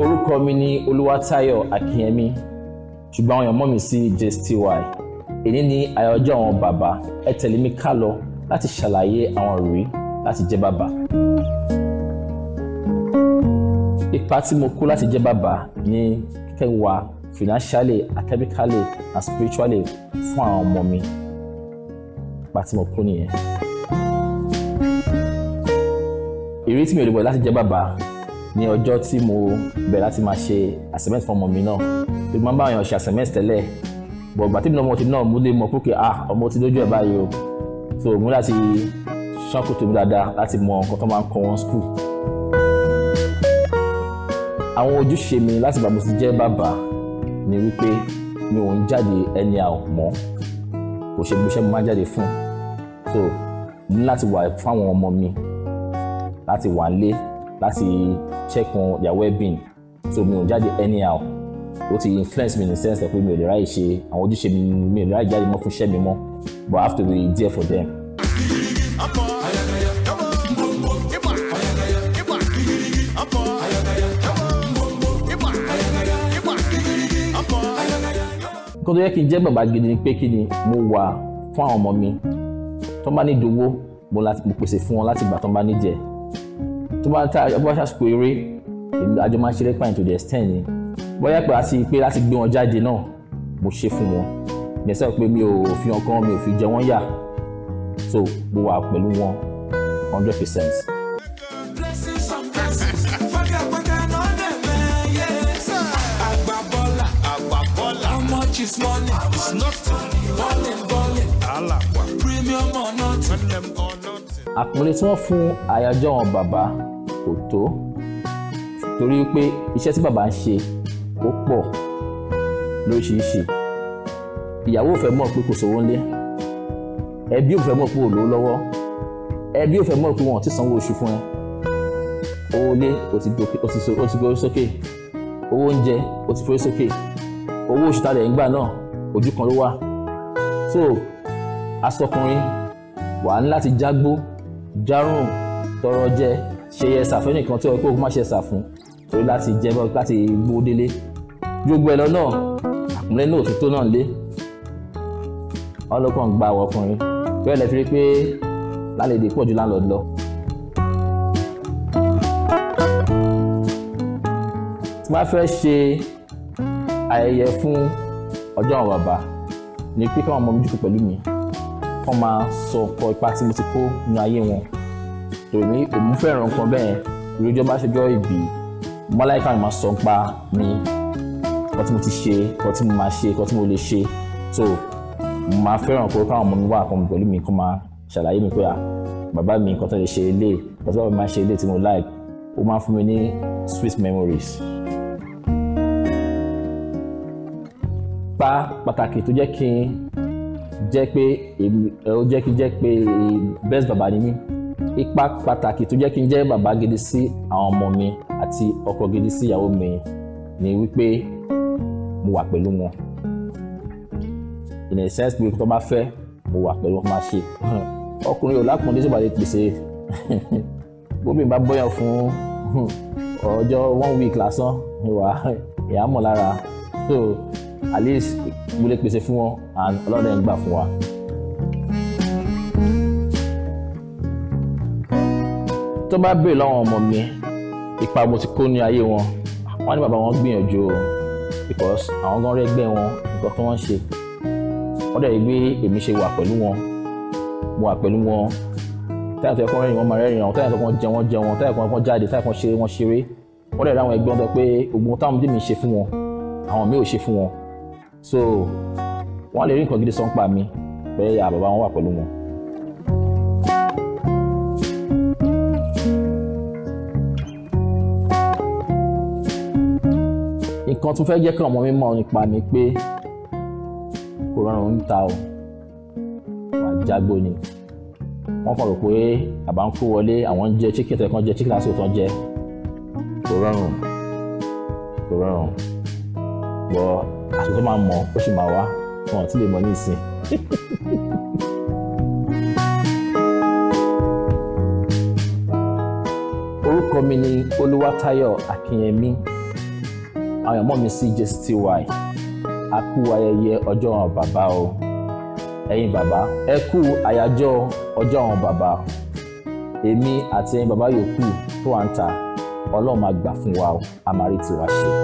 orúkọ mi ni olúwatayọ̀ akínyẹmí ṣùgbọ́n àwọn èèyàn mọ̀ mí sí JSTY èyí ni àyájọ́ àwọn bàbá ẹ tẹ̀lé mi ká lọ láti ṣàlàyé àwọn ìrírí láti jẹ́ bàbá. ipa tí mo kó láti jẹ́ bàbá ni kíkẹ́ financially academically and spiritually fún àwọn ọmọ mi ipa tí mo kó nìyẹn. ìrírí tí mi ò lè wọ̀ láti jẹ́ bàbá ní ọjọ́ tí mo bẹ̀rẹ̀ láti máa ṣe assignment fún ọmọ mi náà tó máa ń bá èèyàn ṣe assignment tẹ́lẹ̀ bọ̀ ìgbà tèmi náà mo ti náà mú lé mọ pókè ah ọmọ ti dójú ẹ̀ báyìí o so mo láti ṣọ́ọ̀kù tó mi dáadáa láti mọ nǹkan tó máa ń kọ wọn school. àwọn ojúṣe mi láti bá mo ti jẹ́ bàbá ni wípé mi ò ń jáde ẹni àmọ́ kò ṣe gbéṣẹ́ mo máa jáde fún so ní láti wà fún àwọn ọmọ mi láti wà ń lé láti check on their well-being so mi ò jáde anyhow ó ti influence me in the sense pé mi ò lè ráyè ṣe àwọn ojúṣe mi mi ò lè ráyè jáde mọ́ fún iṣẹ́ mi mọ́ but I have to be there for them. nǹkan tó yẹ kí n jẹ́ bàbá gidi ni pé kí ni mo wà fún àwọn ọmọ mi tó bá ní ìdówó mo pèsè fún wọn láti gbà tó bá ní jẹ tó bá tá a bá ṣàsìkò eré àjọ máa ń ṣeré pààyàn to the extent ni bóyá pé láti pé láti gbé wọn jáde náà mo ṣe fún wọn gbèsè pé mi ò fi hàn kan mi ò fi jẹ wọn yà so mo wà pẹ̀lú wọn hundred percent. money, it's not money, balling. ballin'. Premium or not, àpọ́nlé tí wọ́n fún àyájọ́ wọn bàbá kò tó torí pé iṣẹ́ tí bàbá ń ṣe ó pọ̀ lóríṣiríṣi ìyàwó ò fẹ́ mọ̀ pé kò sówó ńlé ẹbí ò fẹ́ mọ̀ pé ò lówó lọ́wọ́ ẹbí ò fẹ́ mọ̀ pé wọn ò ti sanwó oṣù fún ẹ owó ilé o ti gbórí sókè owó oúnjẹ o ti forí sókè owó oṣù tàdé ìgbà náà ojú kan ló wà so asọkùnrin wà ní láti jágbó dárùn tọrọ jẹ ṣe yẹ ẹsà fún ẹnìkan tí ó yẹ kó o má ṣe ẹsà fún torí láti jẹ bọ láti gbó délé gbogbo ẹ lọ náà àkùnrin náà òtútù náà lé ọlọ́kàn gba àwọn ọkùnrin bẹ́ẹ̀ lẹ́ fi rí pé lálejò pọ̀ ju láńlọ́ọ̀dù lọ. tí wọ́n fẹ́ ṣe ayẹyẹ fún ọjọ́ àwọn bàbá ni pé káwọn ọmọ mi jùkú pẹ̀lú mi kọ́ máa sọ ọ̀pọ̀ ipa tí mo ti kó nínú ayé wọn tòmí òun fẹ́ràn nǹkan bẹ́ẹ̀ ìrójọ́ bá ṣọjọ́ ìbí mọ́láìka mi máa sọ pa mi kọ́ tí mo ti ṣe kọ́ tí mo máa ṣe kọ́ tí mo lè ṣe tó mo máa fẹ́ràn pé káwọn ọmọ mi wà kan pẹ̀lú mi kó máa ṣàlàyé mi pé à bàbá mi nǹkan tó lè ṣe ilé kọ́ tí bàbá mi máa ṣe ilé tí mo like ó máa fún mi ní sweet memories. pa pàtàkì tó jẹ́ kí n jẹ́ pé ó jẹ́ kí jẹ́ pé best bàbá ni mí ipa pàtàkì tó jẹ́ kí n jẹ́ bàbá gidi sí àwọn ọmọ mi àti ọkọ gidi sí ìyàwó mi ni wípé mo wà pẹ̀lú wọn in a sense pé tó bá fẹ́ mo wà pẹ̀lú wọn máa ṣe ọkùnrin ò lápọ̀ndé tó bá lè pèsè gómìn bá bọ́yàn fún hmm, ọjọ́ one week lásán ìwà ìyàmọ̀ lára at least mo lè pèsè fún wọn and ọlọ́dẹ ń gbà fún wa. tó bá béèrè lọ́wọ́ ọmọ mi ipa mo ti kó ní ayé wọn wọ́n ní bàbá wọn gbìyànjú o because àwọn gan rẹ́gbẹ́ wọn nǹkan tí wọ́n ṣe wọ́n dẹ̀ gbé èmi ṣe wà pẹ̀lú wọn mo wà pẹ̀lú wọn táyà tó yẹ kó rẹ́rìn wọn máa rẹ́rìn àwọn táyà tó kàn jẹ wọn jẹ wọn táyà kan jáde táyà kan ṣeré wọn ṣeré wọ́n dẹ̀ ráwọn ẹgbẹ́ wọn sọ pé ogun táwọn méjì mi ṣe fún wọn àwọn mi ò ṣe fún wọn so wọ́n lè rí nǹkan gidi sọ́npa mi pé ìyá bàbá wọn wà pẹ̀lú wọn. nǹkan tó fẹ́ jẹ́ kí ọmọ mi mọ̀ nípa mi pé kò rọrùn ń ta o wàá jágbó ni wọ́n kàn rò pé àbá ń kó wọlé àwọn ń jẹ chicken tẹ̀ kan jẹ chicken lásìkò tán jẹ kò rọrùn kò rọrùn bọ́ àṣùkọ́ máa mọ̀ ó sì máa wá wọn ò tí lè mọ̀ ní ìsìn. orúkọ mi ni Olúwatáyọ̀ Akínyẹmí àwọn ọmọ mi sí JCTY a kú ayẹyẹ ọjọ́ àwọn bàbá o ẹ̀yin bàbá ẹ kú àyájọ́ ọjọ́ àwọn bàbá èmi àti ẹ̀yin bàbá yòókù tó à ń ta ọlọ́run máa gbà fún wa a máa rí tiwa ṣe.